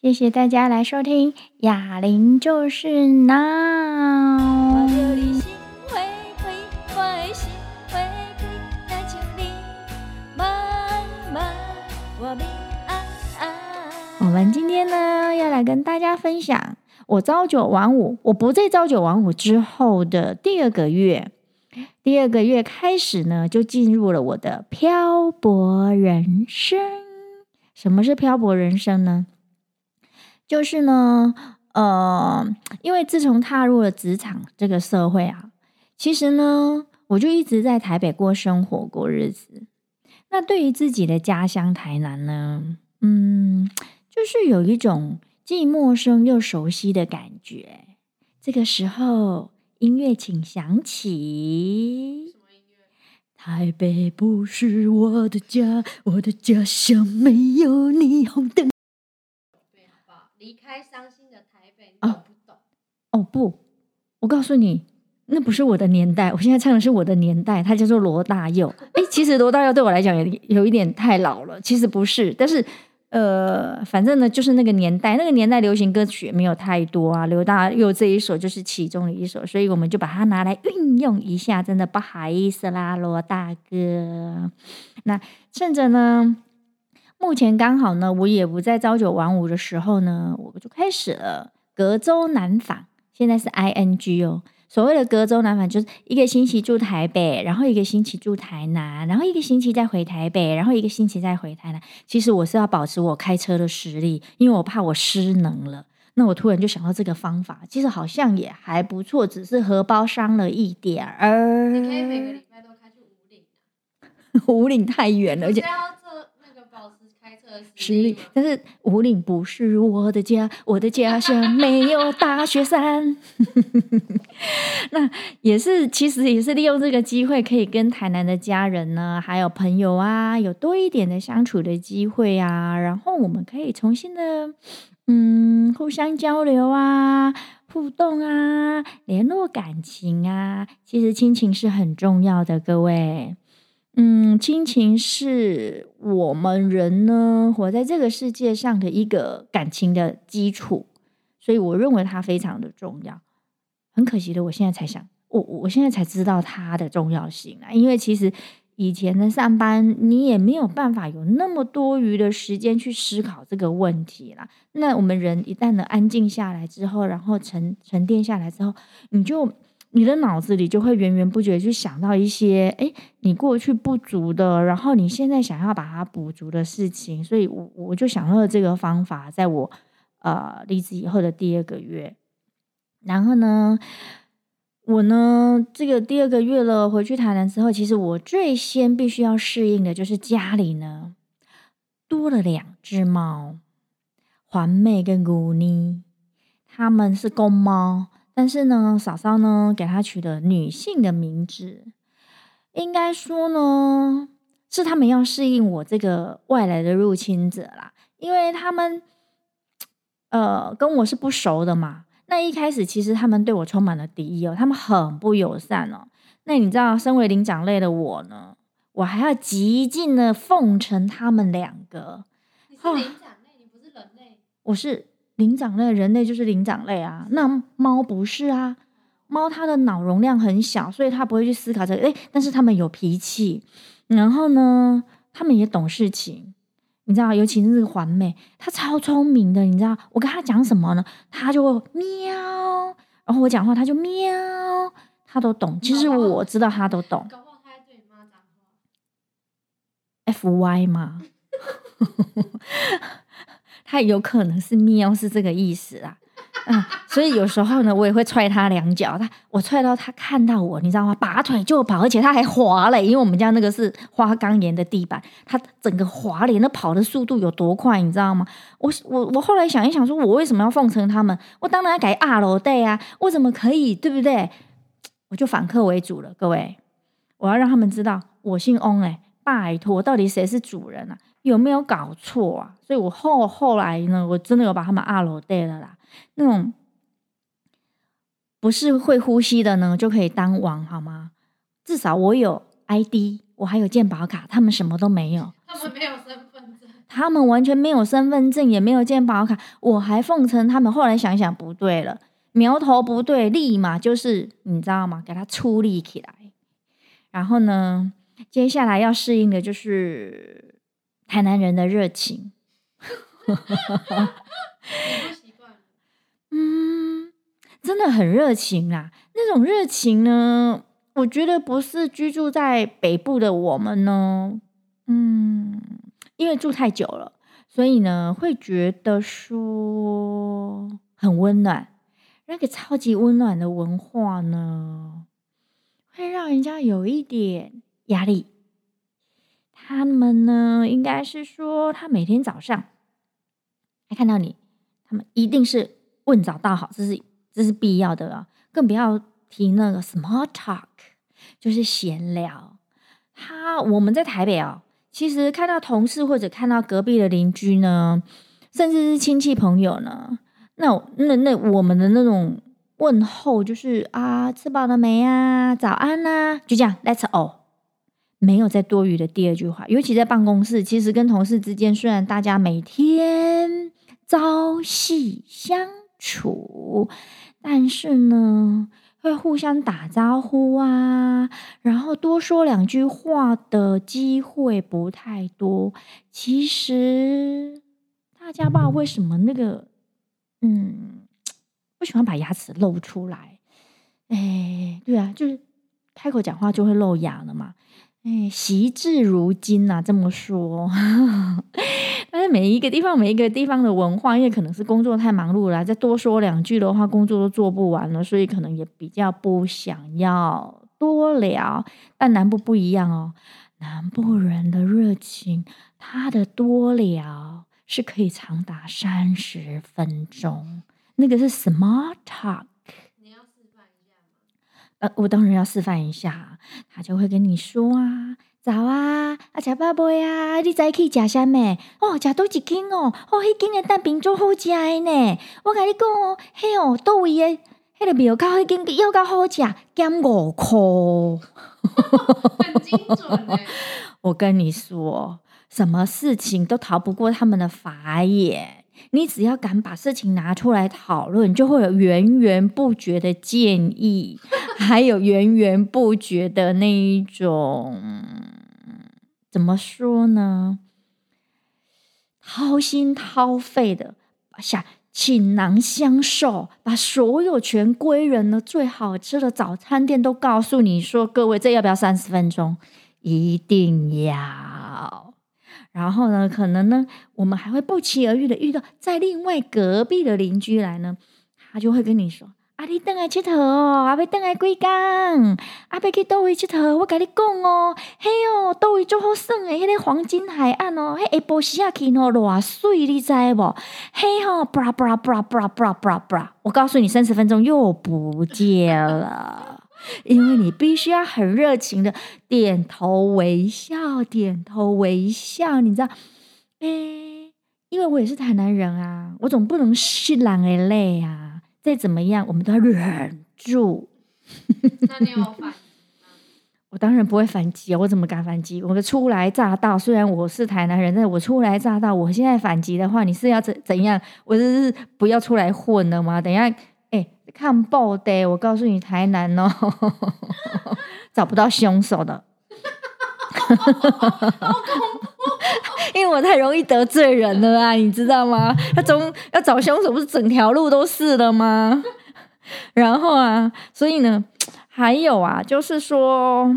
謝謝大家來收聽《雅玲就是 Now》。我們今天呢，要來跟大家分享，我朝九晚五，我不再朝九晚五之後的第二個月，第二個月開始呢，就進入了我的漂泊人生。什麼是漂泊人生呢？就是呢，呃，因為自從踏入了職場這個社會啊，其實呢，我就一直在台北過生活，過日子。那對於自己的家鄉台南呢，嗯，就是有一種既陌生又熟悉的感覺。這個時候，音樂請響起。什麼音樂？台北不是我的家，我的家鄉沒有霓虹燈。離開傷心的台北，你懂哦？不懂哦？不，我告訴你，那不是我的年代。我現在唱的是我的年代，它叫做羅大佑。哎、欸，其實羅大佑對我來講有有一點太老了。其實不是，但是呃，反正呢，就是那個年代，那個年代流行歌曲沒有太多啊。羅大佑這一首就是其中的一首，所以我們就把它拿來運用一下。真的不好意思啦，羅大哥，那趁着呢。目前剛好呢，我也不在朝九晚五的時候呢，我就開始了隔週南返。現在是 I N G 哦，所謂的隔週南返就是一個星期住台北，然後一個星期住台南，然後一個星期再回台北，然後一個星期再回台南。其實我是要保持我開車的實力，因為我怕我失能了。那我突然就想到這個方法，其實好像也還不錯，只是荷包傷了一點兒。你可以每個禮拜都開去武嶺。武嶺 太遠了，而且。實力，但是武嶺不是我的家，我的家鄉沒有大雪山。 那也是，其實也是利用這個機會，可以跟台南的家人呢，還有朋友啊，有多一點的相處的機會啊，然後我們可以重新的，嗯，互相交流啊，互動啊，聯絡感情啊。其實親情是很重要的，各位。嗯，親情是我們人呢活在這個世界上的一個感情的基礎，所以我認為它非常的重要。很可惜的，我現在才想，我我現在才知道它的重要性啊！因為其實以前的上班，你也沒有辦法有那麼多餘的時間去思考這個問題啦。那我們人一旦的安靜下來之後，然後沉沉澱下來之後，你就。你的腦子裡就會源源不絕去想到一些，誒，你過去不足的，然後你現在想要把它補足的事情。所以我，我我就想到了這個方法，在我呃離職以後的第二個月，然後呢，我呢這個第二個月了，回去台南之後，其實我最先必須要適應的就是家裡呢多了兩隻貓，環妹跟姑妮，他們是公貓。但是呢，嫂嫂呢給他取的女性的名字，應該說呢是他們要適應我這個外來的入侵者啦，因為他們，呃，跟我是不熟的嘛。那一開始其實他們對我充滿了敵意哦，他們很不友善哦。那你知道，身為靈長類的我呢，我還要極盡的奉承他們兩個。你是靈長類，啊、你不是人類，我是。靈長類，人類就是靈長類啊。那貓不是啊，貓它的腦容量很小，所以它不會去思考這個。哎，但是它們有脾氣，然後呢，它們也懂事情，你知道，尤其是環美，它超聰明的，你知道，我跟它講什麼呢，它就會喵，然後我講話，它就喵，它都懂。其實我知道它都懂。F Y 嘛。 他有可能是喵，是這個意思啊，嗯，所以有時候呢，我也會踹他兩腳，他我踹到他看到我，你知道嗎？拔腿就跑，而且他還滑嘞，欸，因為我們家那個是花崗岩的地板，他整個滑嘞，那跑的速度有多快，你知道嗎？我我我後來想一想，說我為什麼要奉承他們？我當然要改二樓待啊，我怎麼可以，對不對？我就反客為主了，各位，我要讓他們知道我姓翁，哎，拜託，到底誰是主人啊？有沒有搞錯啊？所以我後後來呢，我真的有把他們二樓帶了啦。那種不是會呼吸的呢，就可以當王好嗎？至少我有 ID，我還有健保卡，他們什麼都沒有。他們沒有身份證，他們完全沒有身份證，也沒有健保卡。我還奉承他們，後來想想不對了，苗頭不對，立馬就是你知道嗎？給他出力起來。然後呢，接下來要適應的就是。台南人的熱情， 嗯，真的很熱情啦。那種熱情呢，我覺得不是居住在北部的我們呢，嗯，因為住太久了，所以呢，會覺得說很溫暖。那個超級溫暖的文化呢，會讓人家有一點壓力。他們呢，應該是說他每天早上，看到你，他們一定是問早到好，這是這是必要的。啊，更不要提那個 small talk，就是閒聊。他我們在台北啊，哦，其實看到同事或者看到隔壁的鄰居呢，甚至是親戚朋友呢，那那那我們的那種問候就是啊，吃飽了沒啊，早安吶，啊，就這樣，let's all。沒有再多餘的第二句話，尤其在辦公室，其實跟同事之間，雖然大家每天朝夕相處，但是呢，會互相打招呼啊，然後多說兩句話的機會不太多。其實大家不知道為什麼那個，嗯，不喜歡把牙齒露出來。哎，對啊，就是開口講話就會露牙了嘛。哎，時至如今吶、啊，這麼說， 但是每一個地方，每一個地方的文化，因為可能是工作太忙碌了，再多說兩句的話，工作都做不完了，所以可能也比較不想要多聊。但南部不一樣哦，南部人的熱情，他的多聊是可以長達三十分鐘，那個是 small talk。呃，我當然要示範一下，他就會跟你說啊，早啊，啊吃飽沒啊，你早起食啥物？哦，食到一斤哦，哦，幾斤的蛋餅最好吃呢。我跟你講哦，嘿哦，到位的，嘿個廟口，嘿斤要高好吃減五塊。 很精準嘞， 我跟你說，什麼事情都逃不過他們的法眼。你只要敢把事情拿出來討論，就會有源源不絕的建議， 還有源源不絕的那一種，怎麼說呢？掏心掏肺的，想傾囊相授，把所有權歸人的最好吃的早餐店都告訴你說，各位，這要不要三十分鐘？一定要。然後呢，可能呢，我們還會不期而遇的遇到在另外隔壁的鄰居來呢，他就會跟你說：“阿你等來吃頭哦，阿爸等來貴港，阿爸去倒位吃頭，我跟你講哦，嘿哦，倒位最好耍的，迄個黃金海岸哦，迄下晡時啊，去那落睡知在不？嘿吼，bra bra bra bra bra bra bra，我告訴你，三十分鐘又不見了。”因為你必須要很熱情的點頭微笑，點頭微笑，你知道？誒，因為我也是台南人啊，我總不能是爛而累啊！再怎麼樣，我們都要忍住。那你有反？ 我當然不會反擊啊、哦！我怎麼敢反擊？我的初來乍到，雖然我是台南人，但我初來乍到，我現在反擊的話，你是要怎怎樣？我就是不要出來混了嗎？等一下。哎、欸，看報的，我告訴你，台南哦，找不到兇手的， 怖 因為我太容易得罪人了啊，你知道嗎？他總要找兇手，不是整條路都是的嗎？然後啊，所以呢，還有啊，就是說，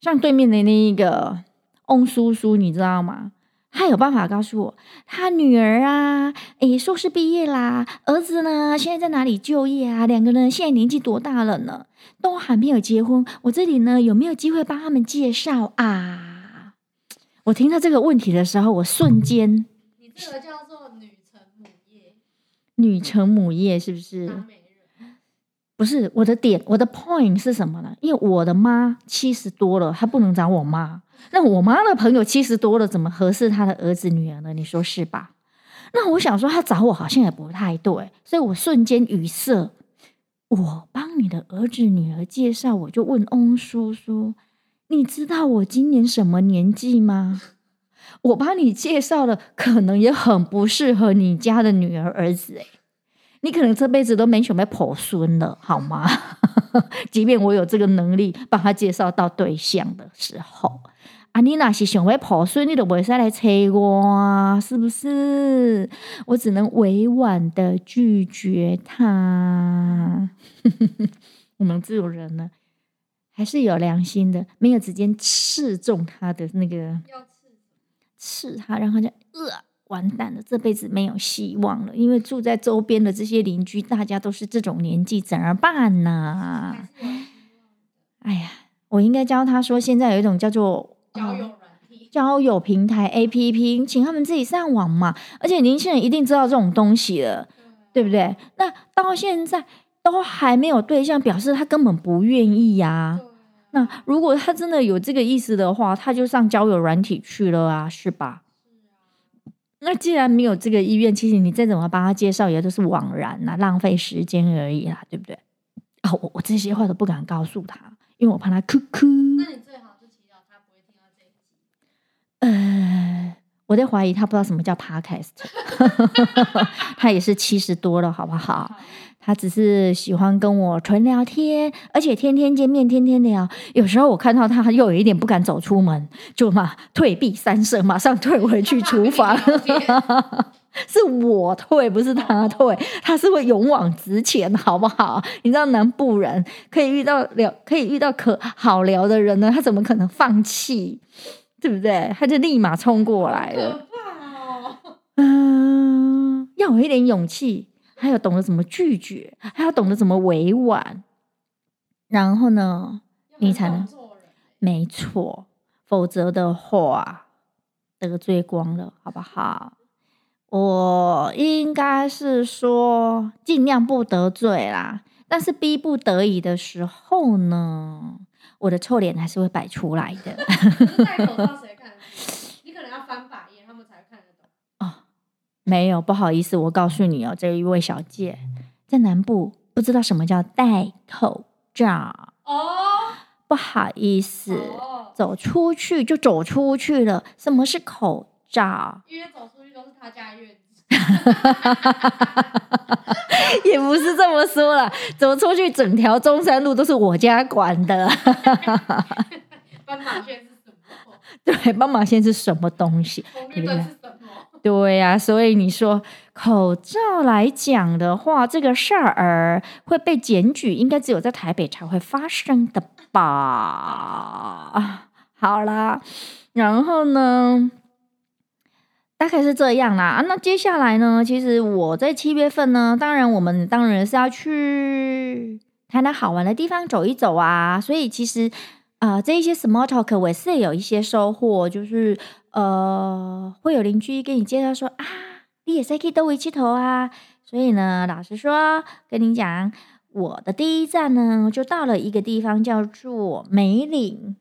像對面的那一個翁叔叔，你知道嗎？他有辦法告訴我，他女兒啊，誒、欸、碩士畢業啦，兒子呢，現在在哪裡就業啊？兩個人現在年紀多大了呢？都還沒有結婚。我這裡呢，有沒有機會幫他們介紹啊？我聽到這個問題的時候，我瞬間，你這個叫做女承母業，女承母業是不是？不是，我的點，我的 point 是什麼呢？因為我的媽七十多了，她不能找我媽。那我媽的朋友七十多了，怎麼合適她的兒子女兒呢？你說是吧？那我想說，她找我好像也不太對，所以我瞬間語塞。我幫你的兒子女兒介紹，我就問翁叔叔：“你知道我今年什麼年紀嗎？”我幫你介紹的可能也很不適合你家的女兒兒子。哎，你可能這輩子都沒準備抱孫了，好嗎？ 即便我有這個能力幫他介紹到對象的時候。啊你是，所以你那是想要破碎，你都袂使來找我、啊，是不是？我只能委婉的拒絕他。 我們這種人呢，還是有良心的，沒有直接刺中他的那個，要刺，刺他，然後就呃，完蛋了，這輩子沒有希望了。因為住在周邊的這些鄰居，大家都是這種年紀，怎麼辦呢、啊？哎呀，我應該教他說，現在有一種叫做。交友，交友平台 APP，請他們自己上網嘛。而且年輕人一定知道這種東西了，對，對不對？那到現在都還沒有對象，表示他根本不願意呀、啊。啊、那如果他真的有這個意思的話，他就上交友軟體去了啊，是吧？啊、那既然沒有這個意願，其實你再怎麼幫他介紹，也都是枉然啊，浪費時間而已啦、啊，對不對？啊、哦，我我這些話都不敢告訴他，因為我怕他哭哭。那你最好。呃，我在懷疑他不知道什麼叫 Podcast， 他也是七十多了，好不好？好，他只是喜歡跟我純聊天，而且天天見面，天天聊。有時候我看到他又有一點不敢走出門，就嘛退避三舍，馬上退回去廚房。 是我退，不是他退，哦、他是會勇往直前，好不好？你知道南部人可以遇到聊，可以遇到可好聊的人呢，他怎麼可能放棄？對不對？他就立馬衝過來了。可怕哦，嗯，呃，要有一點勇氣，還要懂得怎麼拒絕，還要懂得怎麼委婉，然後呢，你才能沒，沒錯。否則的話，得罪光了，好不好？我應該是說儘量不得罪啦，但是逼不得已的時候呢？我的臭臉還是會擺出來的。 戴口罩誰看？ 你可能要翻白眼，他們才看得懂。哦，沒有，不好意思，我告訴你哦，這一位小姐在南部不知道什麼叫戴口罩。哦，不好意思，哦，走出去就走出去了。什麼是口罩？因為走出去都是他家院子。哈， 也不是這麼說了。走出去，整條中山路都是我家管的。斑 馬線是什麼？對，斑馬線是什麼東西？紅綠燈是什麼？對呀對啊，所以你說口罩來講的話，這個事兒會被檢舉，應該只有在台北才會發生的吧？好啦，然後呢？大概是這樣啦啊，那接下來呢？其實我在七月份呢，當然我們當然是要去台南好玩的地方走一走啊。所以其實，啊、呃，這一些 small talk 我也是有一些收穫，就是呃，會有鄰居跟你介紹說啊，你也在去都魚街頭啊。所以呢，老實說，跟你講，我的第一站呢，就到了一個地方叫做梅嶺，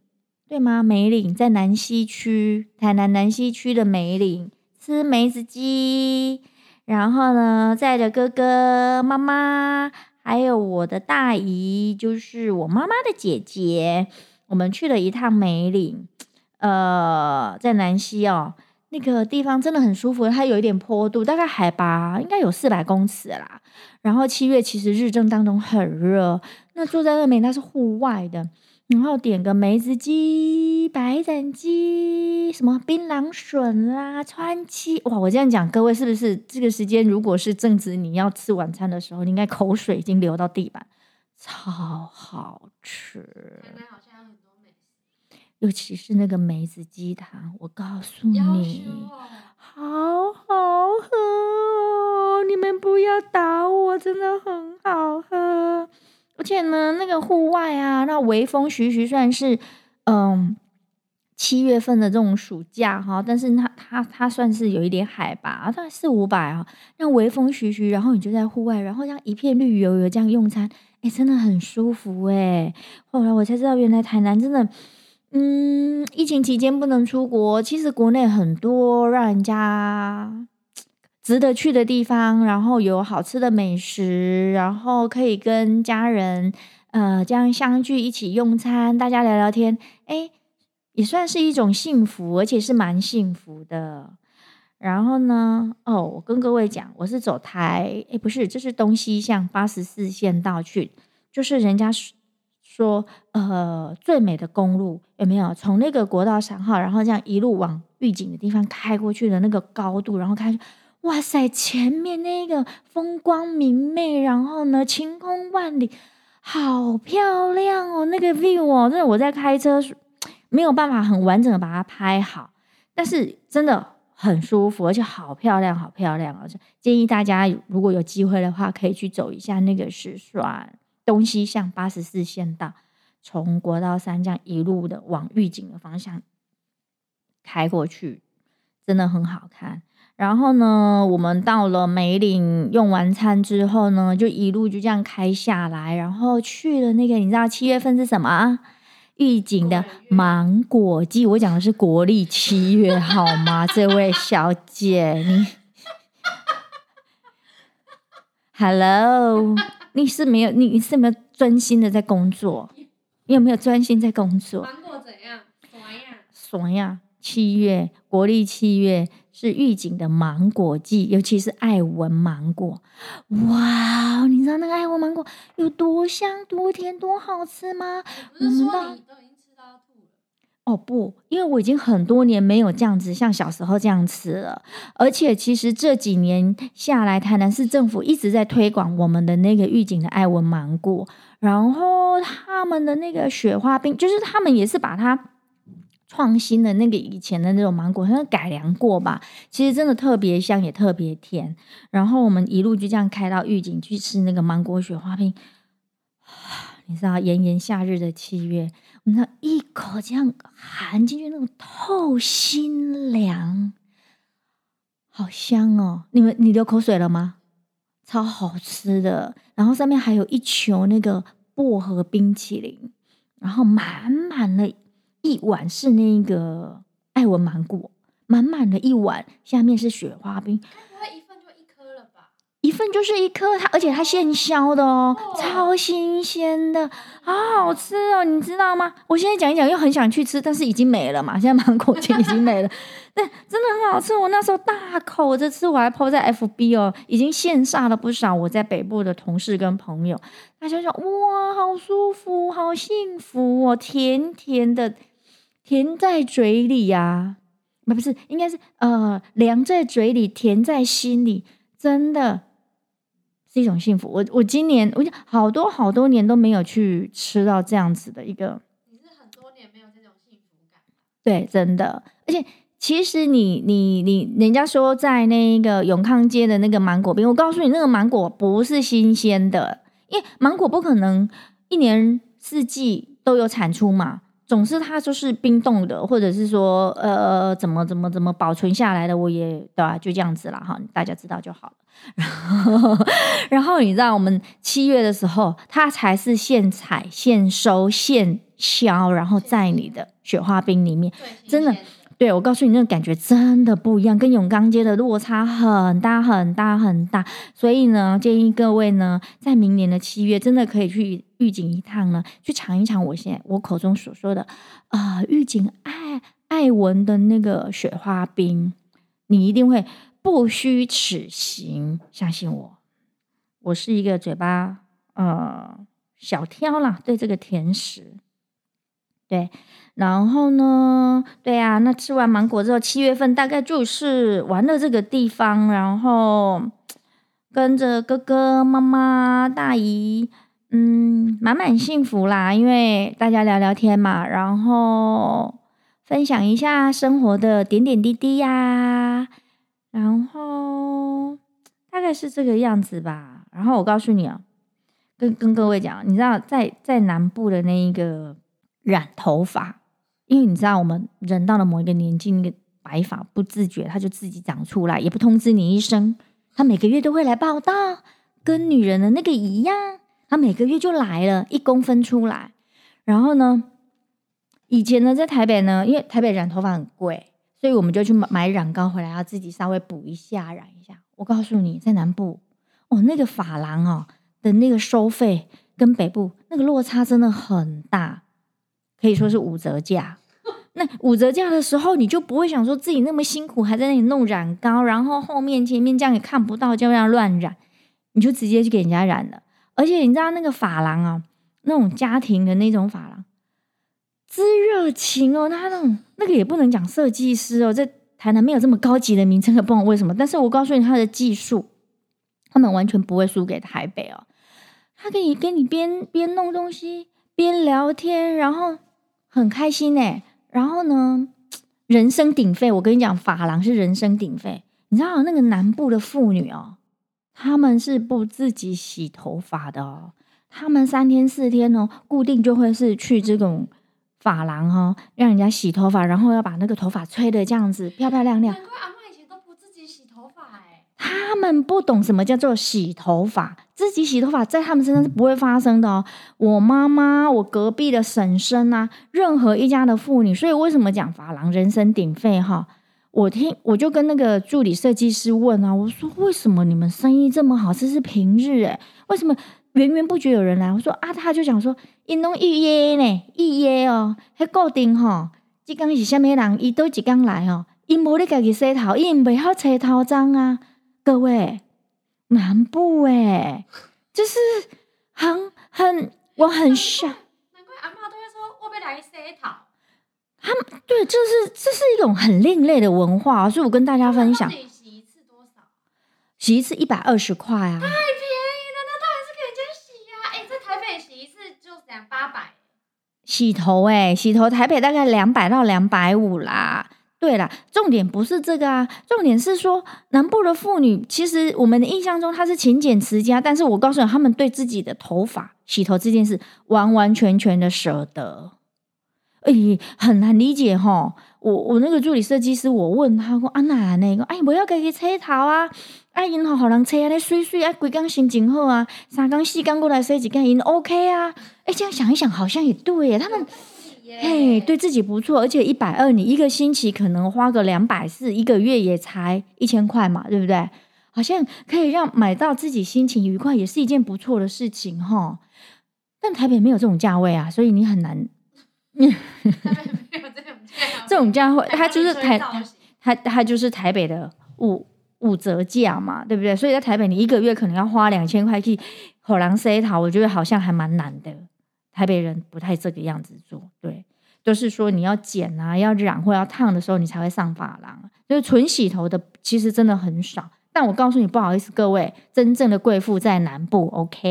對嗎？梅嶺在楠西區，台南楠西區的梅嶺。吃梅子雞，然後呢，載着哥哥、媽媽，還有我的大姨，就是我媽媽的姐姐，我們去了一趟梅嶺，呃，在楠西哦。那個地方真的很舒服，它有一點坡度，大概海拔應該有四百公尺啦。然後七月其實日正當中很熱，那坐在那邊那是戶外的，然後點個梅子雞、白斬雞，什麼檳榔筍啦、啊、川七哇！我這樣講，各位是不是這個時間如果是正值你要吃晚餐的時候，你應該口水已經流到地板，超好吃。嗯尤其是那個梅子雞湯，我告訴你，啊、好好喝哦！你們不要打我，真的很好喝。而且呢，那個戶外啊，那微風徐徐算是，雖然是嗯七月份的這種暑假哈，但是它它它算是有一點海拔，它四五百啊。那微風徐徐，然後你就在戶外，然後像一片綠油油這樣用餐，哎、欸，真的很舒服哎、欸。後來我才知道，原來台南真的。嗯，疫情期間不能出國，其實國內很多讓人家值得去的地方，然後有好吃的美食，然後可以跟家人呃這樣相聚一起用餐，大家聊聊天，誒、欸，也算是一種幸福，而且是蠻幸福的。然後呢，哦，我跟各位講，我是走台，誒、欸，不是，這是東西向八十四線道去，就是人家。說呃，最美的公路有沒有，從那個國道三號，然後這樣一路往玉井的地方開過去的那個高度，然後開，哇塞，前面那個風光明媚，然後呢，晴空萬里，好漂亮哦，那個 view 哦，真的我在開車沒有辦法很完整的把它拍好，但是真的很舒服，而且好漂亮，好漂亮，而且建議大家如果有機會的話，可以去走一下那個石山。東西向八十四線道，從國道三這樣一路的往玉井的方向開過去，真的很好看。然後呢，我們到了梅嶺，用完餐之後呢，就一路就這樣開下來，然後去了那個你知道七月份是什麼？玉井的芒果季。我講的是國曆七月，好嗎？ 這位小姐，Hello 你。Hello? 你是沒有？你你是沒有專心的在工作？你有沒有專心在工作？芒果怎樣？什麼呀？什麼呀？七月，國歷七月是玉井的芒果季，尤其是愛文芒果。哇，wow，你知道那個愛文芒果有多香、多甜、多好吃嗎？你嗯。們哦，不，因為我已經很多年沒有這樣子像小時候這樣吃了，而且其實這幾年下來，台南市政府一直在推廣我們的那個玉井的愛文芒果，然後他們的那個雪花冰，就是他們也是把它創新的那個以前的那種芒果，好像改良過吧，其實真的特別香也特別甜，然後我們一路就這樣開到玉井去吃那個芒果雪花冰。你知道炎炎夏日的七月，你知道一口這樣含進去，那種、個、透心涼，好香哦！你們，你流口水了嗎？超好吃的，然後上面還有一球那個薄荷冰淇淋，然後滿滿的一碗是那個愛文芒果，滿滿的一碗，下面是雪花冰。一份就是一顆，它而且它現削的哦，超新鮮的，好好吃哦，你知道嗎？我現在講一講，又很想去吃，但是已經沒了嘛。現在芒果就已經沒了， 對，真的很好吃。我那時候大口的吃，我還 po 在 FB 哦，已經羨煞了不少我在北部的同事跟朋友。大家想，哇，好舒服，好幸福哦，甜甜的，甜在嘴裡呀，啊，不不是，應該是呃，涼在嘴裡，甜在心裡，真的。是一種幸福，我我今年，我好多好多年都沒有去吃到這樣子的一個，你是很多年沒有這種幸福感，對，真的，而且其實你你你，你人家說在那個永康街的那個芒果冰，我告訴你，那個芒果不是新鮮的，因為芒果不可能一年四季都有產出嘛。總是它就是冰凍的，或者是說，呃，怎麼怎麼怎麼保存下來的，我也對吧、啊？就這樣子了哈，大家知道就好了。然後， 然後你知道我們七月的時候，它才是現採、現收、現削，然後在你的雪花冰裡面，對真的。對，我告訴你，那個感覺真的不一樣，跟永康街的落差很大很大很大。所以呢，建議各位呢，在明年的七月，真的可以去玉井一趟呢，去嘗一嘗我現在我口中所說的啊，玉井愛愛文的那個雪花冰，你一定會不虛此行，相信我。我是一個嘴巴呃小挑啦，對這個甜食。對，然後呢？對呀、啊，那吃完芒果之後，七月份大概就是玩了這個地方，然後跟着哥哥、媽媽、大姨，嗯，滿滿幸福啦。因為大家聊聊天嘛，然後分享一下生活的點點滴滴呀、啊，然後大概是這個樣子吧。然後我告訴你啊，跟跟各位講，你知道在在南部的那一個。染頭髮，因為你知道，我們人到了某一個年紀，那個白髮不自覺，它就自己長出來，也不通知你一聲。他每個月都會來報到，跟女人的那個一樣。他每個月就來了一公分出來。然後呢，以前呢，在台北呢，因為台北染頭髮很貴，所以我們就去買染膏回來，要自己稍微補一下染一下。我告訴你，在南部哦，那個髮廊哦的那個收費跟北部那個落差真的很大。可以說是五折價，那五折價的時候，你就不會想說自己那麼辛苦，還在那裡弄染膏，然後後面前面這樣也看不到，就這樣亂染，你就直接去給人家染了。而且你知道那個髮廊啊、哦，那種家庭的那種髮廊，之熱情哦，他那種那個也不能講設計師哦，在台南沒有這麼高級的名稱，可不懂為什麼。但是我告訴你，他的技術，他們完全不會輸給台北哦。他可以跟你邊邊弄東西，邊聊天，然後。很開心哎、欸，然後呢，人聲鼎沸。我跟你講，髮廊是人聲鼎沸。你知道那個南部的婦女哦，他們是不自己洗頭髮的哦，他們三天四天哦，固定就會是去這種髮廊哦，讓人家洗頭髮，然後要把那個頭髮吹得這樣子漂漂亮亮。難怪阿媽，媽以前都不自己洗頭髮哎、欸，他們不懂什麼叫做洗頭髮。自己洗頭髮在他們身上是不會發生的哦。我媽媽、我隔壁的嬸嬸吶，啊，任何一家的婦女，所以為什麼講髮廊人聲鼎沸哈？我聽我就跟那個助理設計師問啊，我說為什麼你們生意這麼好？這是平日誒，為什麼源源不絕有人來？我說啊，他就講說，因攏一約呢，一約哦，還固定哈。幾缸洗下面人，一都幾剛來哦。因無咧家己洗頭，因不要吹頭髒啊。各位。南部誒、欸、就是很很，我很想。難怪阿嬤都會說，來一他們對，這是這是一種很另類的文化，所以我跟大家分享。洗一次多少？洗一次一百二十塊啊，太便宜了，那當然是可以去洗呀、啊。哎、欸，在台北洗一次就兩八百。洗頭誒、欸、洗頭台北大概兩百到兩百五啦。對啦，重點不是這個啊，重點是說南部的婦女，其實我們的印象中她是勤儉持家，但是我告訴你，她們對自己的頭髮洗頭這件事完完全全的捨得。哎、欸，很難理解哈。我我那個助理設計師，我問他，我哪奶那個，哎，不要給你吹頭啊，哎因好，讓人吹啊，那水水啊，規剛心情好啊，三缸四缸過來洗幾蓋，因 OK 啊。哎、欸，這樣想一想，好像也對耶，他們。嗯嘿，Yeah. hey, 對自己不錯，而且一百二，你一個星期可能花個兩百四，一個月也才一千塊嘛，對不對？好像可以讓買到自己心情愉快，也是一件不錯的事情哈。但台北沒有這種價位啊，所以你很難。 沒有這種價位， 這種價位他它就是台，它它就是台北的五五折價嘛，對不對？所以在台北，你一個月可能要花兩千塊去予人洗頭，我覺得好像還蠻難的。台北人不太這個樣子做。就是說，你要剪啊，要染或要燙的時候，你才會上髮廊。就是純洗頭的，其實真的很少。但我告訴你，不好意思，各位，真正的貴婦在南部，OK？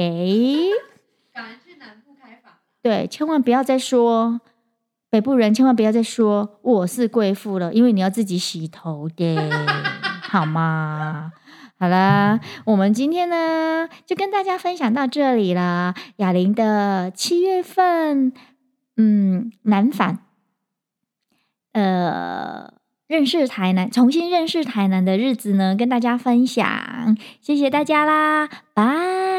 趕去南部開房。對，千萬不要再說北部人，千萬不要再說我是貴婦了，因為你要自己洗頭的 好嗎？好啦，我們今天呢就跟大家分享到這裡啦。雅琳的七月份。嗯，南返。呃，認識台南，重新認識台南的日子呢，跟大家分享，謝謝大家啦，拜。